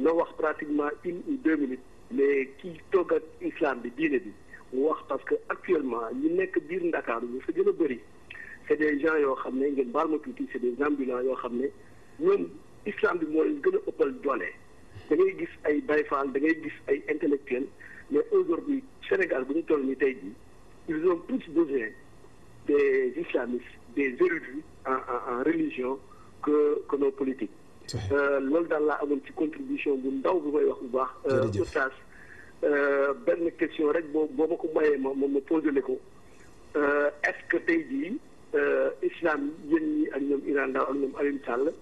na wax pratiquement une ou deux minutes mais ki toog islam bi diine bi mu wax parce que actuellement ñu nekk biir Ndakaaru ñu fa gën a bëri c'est des gens yoo xam ne ngeen baal ma tuuti c'est des ambulants yoo xam ne ñoom islam bi moo leen gën a ëppal doole da ngay gis ay bayfaal da ngay gis ay intellectuels mais aujourd'hui Sénégal bu ñu toll nii tey jii ils ont plus besoin des islamistes, des érudits en, en, religion que, que nos politiques. Euh, loolu daal laa amoon ci contribution bu ndaw bu may wax bu baax. Euh, jërëjëf oustaz euh, benn question rek boo boo ma ko mayee ma ma posé le est-ce que tey jii islam yéen ñi ak ñoom Iran Ndao ak ñoom Alioune Sall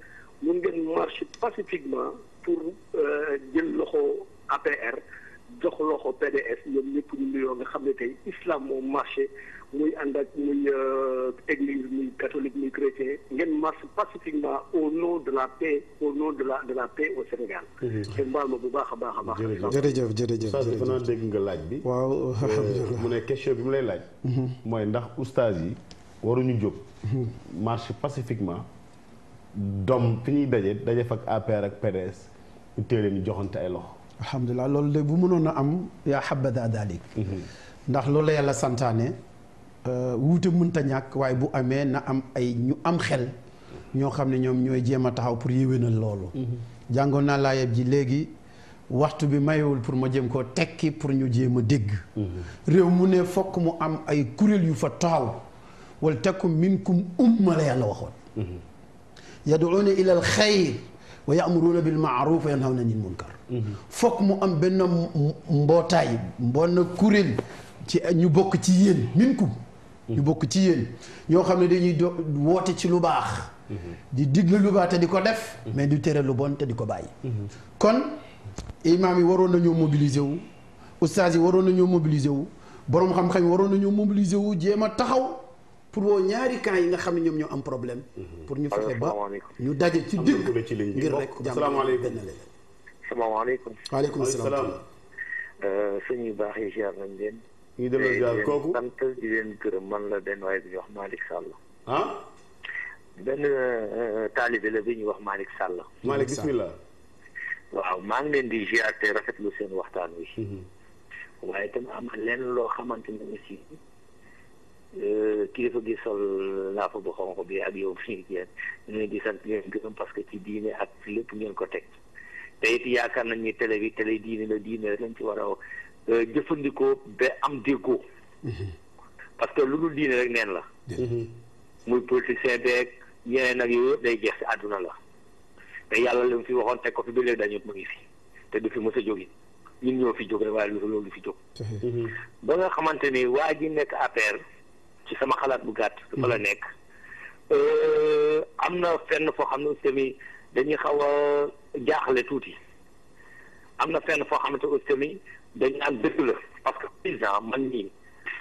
mun marcher pacifiquement pour jël loxo APR jox loxo PDS ñoom ñëpp ñu nuyoo nga xam ne tey islam moom marché muy ànd ak muy euh, église muy catholique muy chrétien ngeen marche pacifiquement au nom de la paix au nom de la de la paix au Sénégal. Mhm. te mbaal ma bu baax a baax a baax. jërëjëf jërëjëf jërëjëf naa dégg nga laaj bi. waaw alhamdulilah mu ne question bi mu lay laaj. Mhm. mooy ndax oustaz yi waruñu jóg. Mhm. marche pacifiquement dom fi ñuy daje daje fa ak APR ak PDS ñu teel leen joxante ay loxo. alhamdulilah loolu de bu mënoon a am yaa xabada dalik mhm. ndax loolu la yàlla santaane euh, wuute mënta ñàkk waaye bu amee na am ay ñu am xel ñoo xam ne ñoom ñooy jéem a taxaw pour yéwénal loolu mhm. jàngoon naa laayeb ji léegi waxtu bi mayewul pour ma jëm koo tekki pour ñu jéem a dégg mhm. réew mu ne fokk mu am ay kuréel yu fa taxaw wal takkum minkum umma la yàlla waxoon yaduuna ilal xayr wa ya'muruuna bil naw na yanhawna 'anil munkar foog mu am benn mbootaay mboona kuréel ci ñu bokk ci yéen minkum mhm. ñu bokk ci yéen ñoo xam ne dañuy do woote ci lu baax mhm. di digle lu baax te di ko def mhm. mais du tere lu bon te di ko bàyyi kon imaam yi waroon nañoo mobiliser wu ustaas yi waroon nañoo mobiliser wu boroom xam-xam yi waroon nañoo mobiliser wu jéem a taxaw pour woo ñaari camp yi nga xam ne ñoom ñoo am problème. Mhm. pour ñu fexe ba ñu daje ci digg. ci ligne bi ngir rek jàmm benn leen. salaamaaleykum. waaleykum salaam. Euh, suñu baax yi ziar nañ leen. ñu delloo ziar euh, kooku sant di gërëm man la benn waaye bi ñu wax Malick Sall. ah. benn euh, taalibe la bi ñu wax Malick Sall. maalik bismillah. waaw maa ngi leen di ziar te rafetlu seen waxtaan wi. Mhm. waaye itam am na loo xamante ne aussi. Euh, kilifa gi sol naa fa bu xonq bi ak yow fii yéen ñu ngi di sant leen gërëm parce que ci diine ak ci lépp ngeen ko teg te it yaakaar nañ ni télé bi télé diine la diine rek lañ ci war a euh, jëfandikoo be am déggoo. Mhm. parce que lu dul diine rek neen la. Mhm. muy politicien beeg yeneen nag yooyu yëpp day jeex si àdduna la te yàlla li fi waxoon teg ko fi ba dañu mu ngi fi te du fi mos a jógee ñun ñoo fi jóg rek waaye lu fi jóg. Mhm. ba nga xamante ni waa ji nekk ci sama xalaat bu gàtt dafa la nekk am na fenn foo xam ne tamit dañuy xaw a jaaxle tuuti am na fenn foo xamante aussi tamit dañ naan dëgg la parce que président man nii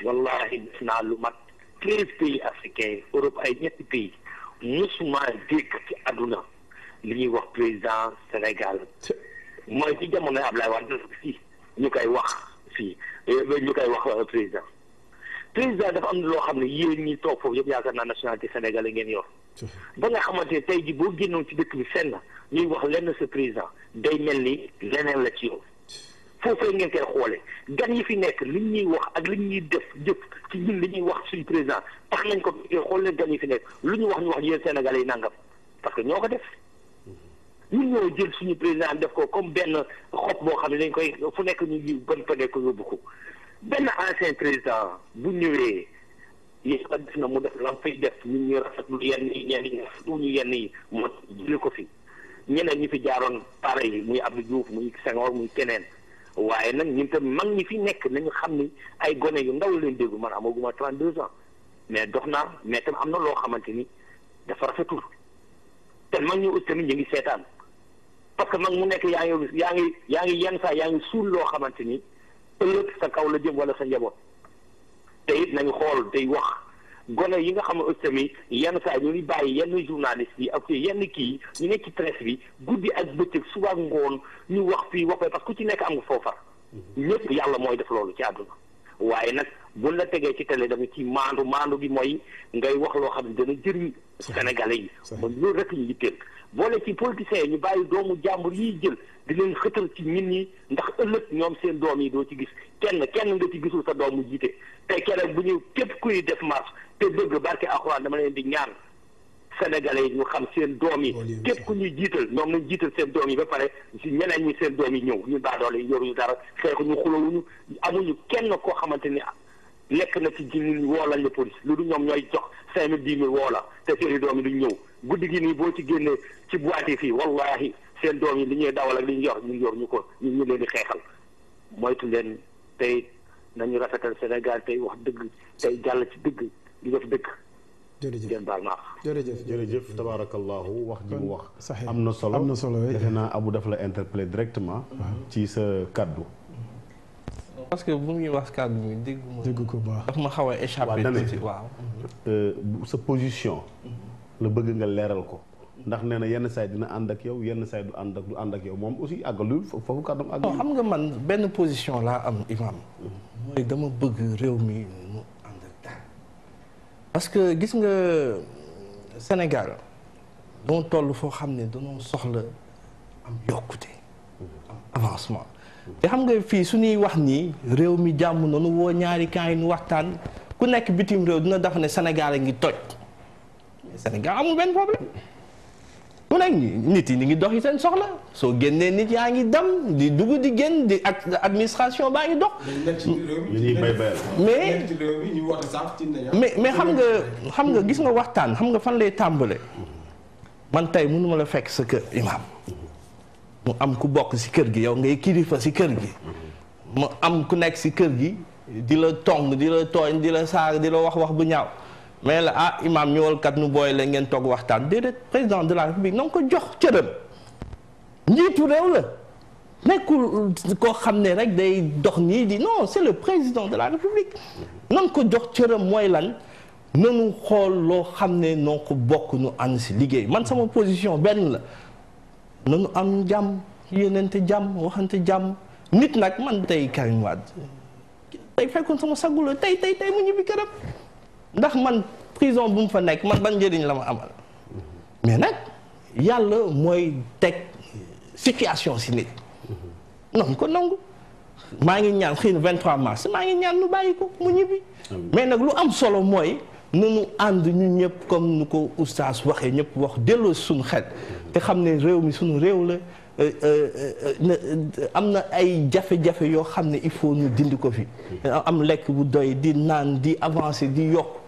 wallahi def naa lu mat treize pays africains Europe ay ñetti pays musuma dégg ci àdduna li ñuy wax président Sénégal mooy ci jamono Ablaye Wade fii ñu koy wax fii ñu koy wax président président dafa am loo xam yéen ñi toog foofu yëpp yaakaar naa nationalité sénégalais ngeen yor ba nga xamante tey ji boo génnoon ci dëkk bi fenn ñuy wax lenn sa président day mel ni la ci yow foofee ngeen koy xoole gan yi fi nekk li ñuy wax ak li ñuy def jëf ci ñun li ñuy wax suñu président tax nañ ko xool leen gan yi fi nekk lu ñu wax ñu wax yéen sénégalais nangam parce que ñoo def ñun ñoo jël suñu président def ko comme benn xob boo xam dañ koy fu nekk ñu ban fa nekk yóbbu ko benn ancien président bu ñëwee yàlla def na mu def la fay def ñun ñu rafetlu yenn yi ñenn ñi rafetlu yenn yi moo jëlee ko fi ñeneen ñu fi jaaroon pare yi muy Abdou Diouf muy Senghor mu keneen waaye nag ñun tam mag ñi fi nekk nañu xam ni ay gone yu ndaw leen déglu man amaguma 32 ans mais dox naa mais tam am na loo xamante ni dafa rafetul te mag ñu ut tamit ñu ngi seetaan parce que mag mu nekk yaa ngi yaa ngi yaa ngi yenn saa yaa ngi suul loo xamante ni. ëllëg sa kaw la jëm wala sa njaboot te it nañu xool day wax gone yi nga xam ne aussi tamit yenn saa ñu ngi bàyyi yenn journaliste yi ak yenn kii ñu nekk ci presse bi guddi ak bëccëg suba ak ngoon ñu wax fii waxee parce que ku ci nekk am nga foofar ñëpp yàlla mooy def loolu ci àdduna waaye nag buñ la tegee ci télé dama ci maandu maandu gi mooy ngay wax loo xam ne dana jëriñ Sénégalais yi man loolu rek ñu yitteel boole ci politiciens ñu bàyyi doomu jàmbur yiy jël di leen xëtal ci nit ñi ndax ëllëg ñoom seen doom yi doo ci gis kenn kenn nga ci gisul sa doomu mu jiite te keroog bu ñu képp kuy def marche te bëgg barke alxuraan dama leen di ñaan sénégalais ñu xam seen doom yi képp ku ñu jiital ñoom nañ jiital seen doom yi ba pare si ñeneen ñi seen doom yi ñëw ñu baadoole yoruñu dara ñu xulawuñu amuñu kenn koo xamante ni nekk na ci jinin woo lañ la police lu du ñoom ñooy jox cinq mille dix mille woo la te seen i doom yi duñ ñëw guddi gi nii boo ci génnee ci boîte yi fii wallahi seen doom yi li ñuy dawal ak li ñu yor ñu yor ñu ko ñu ñu leen di xeexal moytu leen tey nañu rafetal Sénégal tey wax dëgg tey jàll ci dëgg di def dëgg. jërëjëf ngeen baal ma jërëjëf jërëjëf tabaarakallaahu wax ji mu wax am na solo am na solo eh. defe naa Abou dafa la interpellé directement ci sa kàddu parce que bu muy wax kàddu bi dégg ma dégg ko baax daf ma xaw a échappé tuuti waaw euh, sa position mm-hmm. la bëgg nga leeral ko ndax nee na yenn saay dina ànd ak yow yenn saay du ànd ak du ànd ak yow moom aussi àggalul foofu kàddoom ak xam nga man benn position laa am imam mm-hmm. mooy dama bëgg réew mi mu ànd ak daal que gis nga Sénégal doo toll foo xam ne danoo soxla am yokkute mm-hmm. am avancement te xam nga fii su ñuy wax nii réew mi jàmm noonu woo ñaari camp nu waxtaan ku nekk bitim réew dina dafa ne Sénégal a ngi toj Sénégal amul benn problème mu nekk nit yi ñu ngi doxi seen soxla soo génnee nit yaa ngi dem di dugg di génn di ak administration baa ngi dox. mais mais xam nga xam nga gis nga waxtaan xam nga fan lay tàmbale man tey mënuma la fekk sa kër imaam mu am ku bokk si kër gi yow ngay kilifa si kër gi mu am ku nekk si kër gi di la tong di la tooñ di la saag di la wax wax bu ñaaw. mais la ah imam ñëwal kat nu boy la ngeen tok waxtan déedéet président de la république non ko jox ceureum njiitu rew la nekkul ko xamne rek day dox ni di non c'est le président de la république non ko jox ceureum moy lan nanu xool lo xamne non ko bokk nu ànd liguey man sama position ben la nanu am jam yenente jam waxante jam nit nak man tey Karim Wade tey fekkoon sama sagul tay tay tay mu ñibi këram ndax man prison bu mu fa nekk man ban njëriñ la ma amal mais nag yàlla mooy teg situation si nit noonu ko nangu maa ngi ñaan xëy na 23 mars maa ngi ñaan nu bàyyi ko mu ñibbi mais nag lu am solo mooy nunu ànd ñu ñëpp comme nu ko oustaz waxee ñëpp wax delloo suñ xel te xam ne réew mi suñu réew la euh, euh, euh, am na ay jafe-jafe yoo xam ne il faut ñu dindi ko fi am lekk bu doy di naan di avancer di yokk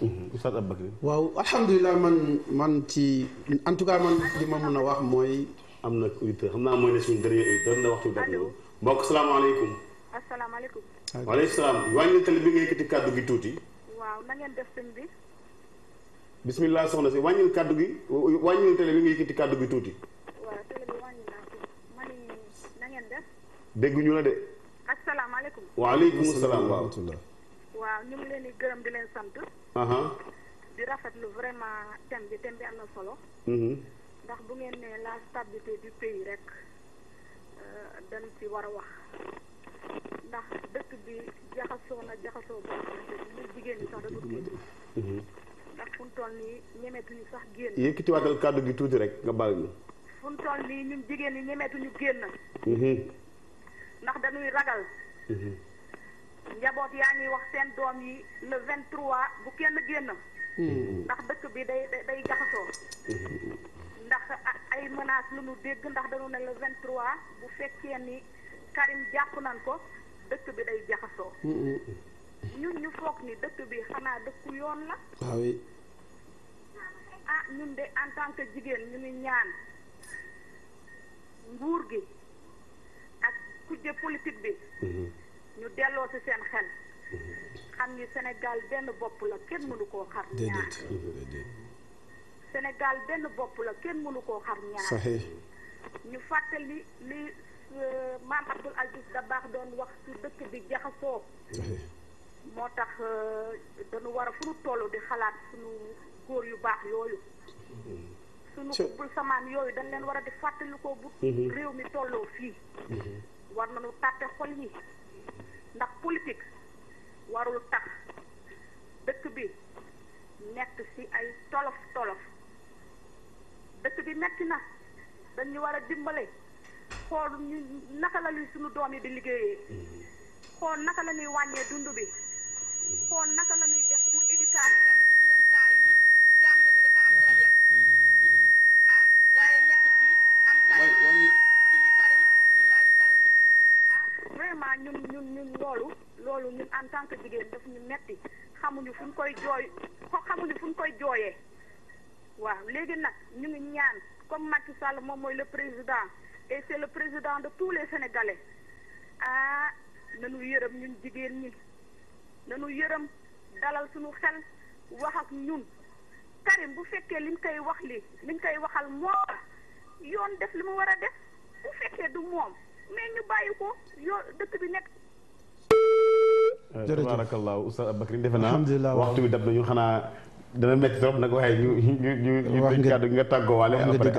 Mhm. Oustaz Aboubacry waaw alhamdulilah man man ci en tout cas man li ma mën a wax mooy. am na auditeur xam naa mooy ne suñu dernier auditeur na waxtu bi def na bi kàddu gi tuuti. waaw na def sëñ bi. bisimilah soxna si wàññil kàddu gi wàññil télé bi nga yëkkati kàddu gi tuuti. waaw télé bi wàññi naa ko ma ni def. dégguñu la de. asalaamaaleykum. waaleykum salaam wa rahmatulah. waaw ñu ngi leen di gërëm di leen sant. di rafetlu vraiment thème bi thème bi am na solo. Mhm. ndax bu ngeen ne la stabilité du pays rek euh, dañ ci war a wax ndax dëkk bi jaxasoo na jaxasoo boo xamante ni jigéen ñi sax da dul génn. Mhm. ndax fu mu toll nii ñemetuñu sax génn. yëkkatiwaatal kàddu gi tuuti rek nga baal ñu. fu mu toll nii ñun jigéen ñi ñemetuñu génn. Mhm. ndax dañuy ragal. njaboot yaa ngi wax seen doom yi le vingt trois bu kenn génn. Hmm. ndax dëkk bi day day jaxasoo. Hmm. ndax ay menaces lu nu dégg ndax dañu ne la vingt trois bu fekkee ni Karim jàpp nañ ko dëkk bi day jaxasoo. Hmm. ñun ñu foog ni dëkk bi xanaa dëkku yoon la. waaw ah, ah ñun de en tant jigéen ñu ngi ñaan nguur gi ak kujje politique bi. ñu delloo si seen xel mm-hmm. xam ni senegal benn bopp la kenn mënu koo xar ñaar Sénégal benn bopp la kenn mënu koo xar ñaar ñu fàttali li euh, maam Abdoul Aziz Dabakh doon wax ci dëkk bi jaxasoo moo tax euh, dañu war a fu nu toll di xalaat suñu góor yu baax yooyu mm-hmm. suñu xubbul samaan yooyu dañ leen war a di fàttali ko bu mm-hmm. réew mi tolloo fii war nañu tàtte xol yi ndax politique warul tax dëkk bi nekk ci ay tolof tolof dëkk bi metti na dañu war a dimbale xool naka la ñuy suñu doom yi di liggéeyee mm-hmm. xool naka la ñuy wàññee dund bi xool naka la ñuy def pour éducation vraiment ñun ñun ñun loolu loolu en tant que jigéen daf xamuñu fu koy jooy xamuñu fu koy jooyee waaw léegi nag ñu ngi ñaan comme Macky Sall moom mooy le président et c'est le président de tous les Sénégalais ah nanu yërëm ñun jigéen ñi nanu yërëm dalal suñu xel wax ak ñun Karim bu fekkee liñ koy wax li liñ koy waxal moo yoon def li mu war a def bu fekkee du moom mais ñu bàyyi ko yoo dëkk euh, defe naa waxtu bi dab nañu xanaa. dana métti trop nag waaye ñu ñu ñu wax nga nga tàggoo waale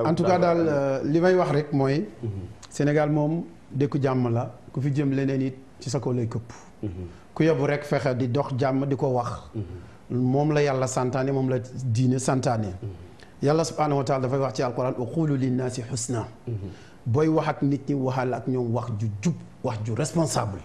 en tout daal euh, li may wax rek mooy. Mhm. Sénégal moom dëkku jàmm la ku fi jëm leneen it ci sa kaw lay këpp. Mhm. ku yóbbu rek fexe di dox jàmm di ko wax. Mhm. moom la yàlla santaane moom la diine santaane. yàlla subhaanahu wa dafay wax ci alquran uqulu linnaasi husna booy wax ak nit ñi waxal ak ñoom wax ju jub wax ju responsable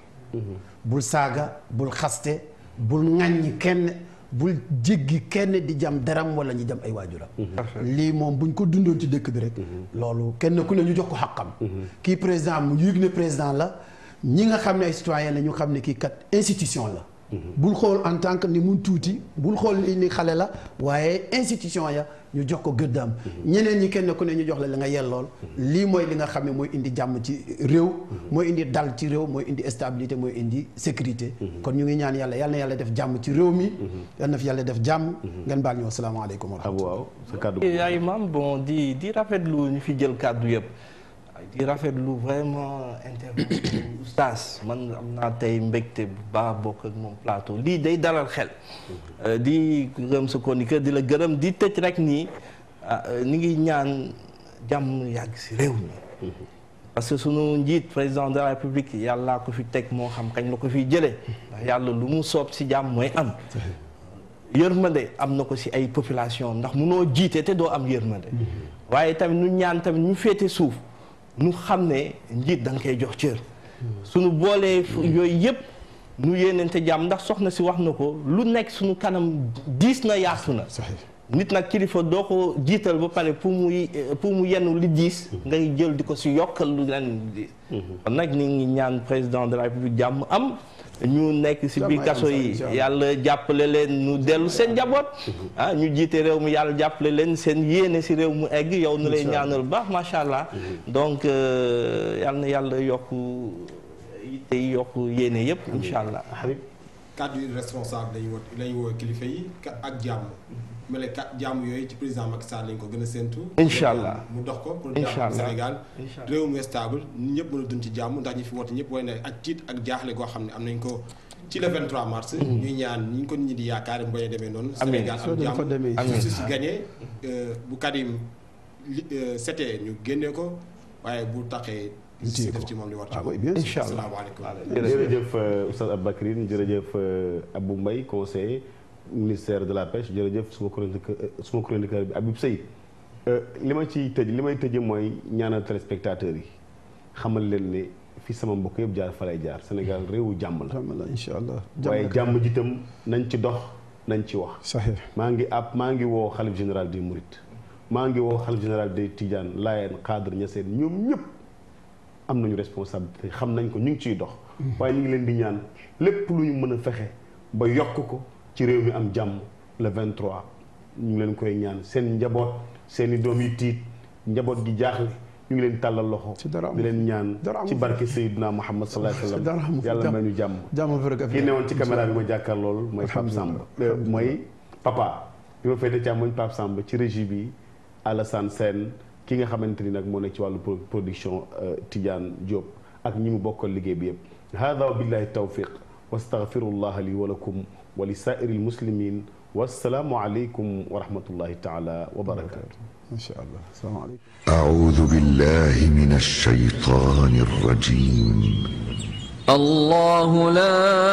bul saaga bul xaste bul ŋàññi kenn bul jéggi kenn di jam daram wala ñu jam ay a lii moom buñ ko dundoon ci dëkk bi rek mhm. loolu kenn ku ne ñu jox ko xàqam mhm. kii président mu yëg ne président la ñi nga xam ne ay citoyen la ñu xam ne kii kat institution la bul xool en tant que ni mun tuuti bul xool ni xale la waaye institution ya ñu jox ko gëddaam ñeneen ñi kenn ku ne ñu jox la li nga yellool lii mooy li nga xam ne mooy indi jàmm ci réew mooy indi dal ci réew mooy indi stabilité mooy indi sécurité kon ñu ngi ñaan yàlla yal yàlla def jàmm ci réew mi yal na fi yàlla def jàmm ngeen baal ñu asalaamaaleykum wa rahmatulah ah, waaw sa kàddu eh, yaay maam bon di di rafetlu ñu fi jël kàddu yëpp di rafet rafetlu vraiment intervention oustaz man amna tay tey ba bok ak moom plateau li day dalal xel mhm. euh, di gërëm ce chroniqueur di la gërëm di tecc rek ni ni ah, euh, ngi ñaan jàmm yag si rew ni mhm. parce que sunu njit président de la république yalla ko fi tek mo xam kañ la ko fi jëlé mhm. yalla lu mu sopp ci jàmm moy am yërmande amna ko ci ay population ndax munoo jité té do am yërmande waaye tam ñu ñaan tam ñu fété souf nu xam ne njiit da nga koy jox cër suñu boolee yooyu yëpp nu yéenente jàmm ndax soxna si wax na ko lu nekk suñu kanam diis na yaasu na nit nag kilifa doo ko jiital ba pare pour muy pour mu yenn li diis ngay jël di ko si yokkal lu leen mhm. nag ni ngi ñaan président de la république jàmm am ñu nekk si biir kaso yi yàlla jàppale leen ñu dellu seen njaboot ah ñu jiite réew mi yàlla jàppale leen seen yéene si réew mu egg yow nu lay ñaanal baax macha allah donc euh, yàlla na yàlla yokk yitte yokk yéene yëpp incha allah. Habib kàddu responsable lañu woo lañu woo kilifa yi ak jàmm. melekat jaamu yooyu ci président Macky Sall lañ ko gën a séntu. incha allah mu dox ko pour jàmm Sénégal réew mu stable ñun ñëpp mën a dund ci jàmm ndax ñi fi woote ñëpp woy na ak tiit ak jaaxle goo xam ne am nañ ko ci le 23 mars. Mm-hmm. ñuy ñaan ñi ko nit ñi di yaakaar mbañ a demee noonu. Sénégal am jàmm amiin si gagné euh, bu Karim euh, setee ñu génnee ko waaye bu taxee. ci def ci moom li war ci incha allah asalaamaaleykum jërëjëf euh, Oustaz Aboubacry jërëjëf Abou Mbaye conseiller ministère de la pêche jërëjëf suma chroniqueur euh, suma chroniqueur bi Habib Seye euh, li ma ciy tëj li may tëje mooy ñaanal téléspectateurs yi xamal leen ne fi sama mbokk yëpp jaar fa jaar Sénégal réewu jàmm la. jàmm allah waaye jàmm ji nañ ci dox nañ ci wax. saxiir maa ngi ab maa ngi woo xalif général des Mourides maa ngi woo xalif général des Tidiane Layène Khadre Niassène ñoom ñëpp am nañu responsabilité xam nañ ko ñu ngi ciy dox. Mm-hmm. waaye ñu ngi leen di ñaan lépp lu ñu mën a fexe ba yokk ko. ci réew mi am jàmm le 23 ñu ngi leen koy ñaan seen njaboot seen i doom yi tiit njaboot gi jaaxle ñu ngi leen tàllal loxo. ci dara di leen ñaan ci barke Seydina Muhammad sallallahu alayhi wa sallam yàlla may ñu jàmm. jàmm kii ne woon ci caméra bi ma jàkkaar lool mooy Pape Samb euh, mooy papa bi ma féete càmmoñ Pape Samb ci régi bi Alassane seen ki nga xamante ni nag moo nekk ci wàllu production euh, Tidiane Diop ak ñi mu bokkal liggéey bi yëpp. hada wa billahi tawfiq wastaghfirullah li wa lakum ولسائر المسلمين والسلام عليكم ورحمة الله تعالى وبركاته إن شاء الله السلام عليكم أعوذ بالله من الشيطان الرجيم الله لا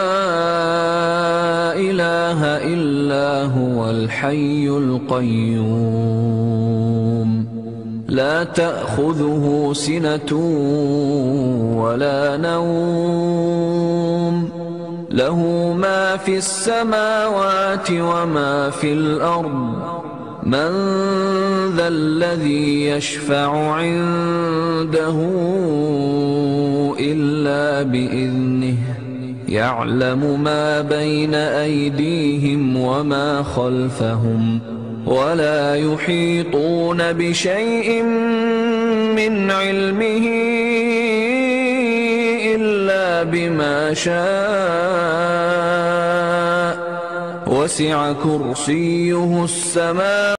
إله إلا هو الحي القيوم لا تأخذه سنة ولا نوم له ما في السماوات وما في الأرض من ذا الذي يشفع عنده إلا بإذنه يعلم ما بين أيديهم وما خلفهم ولا يحيطون بشيء من علمه بما شاء وسع كرسيه السماوات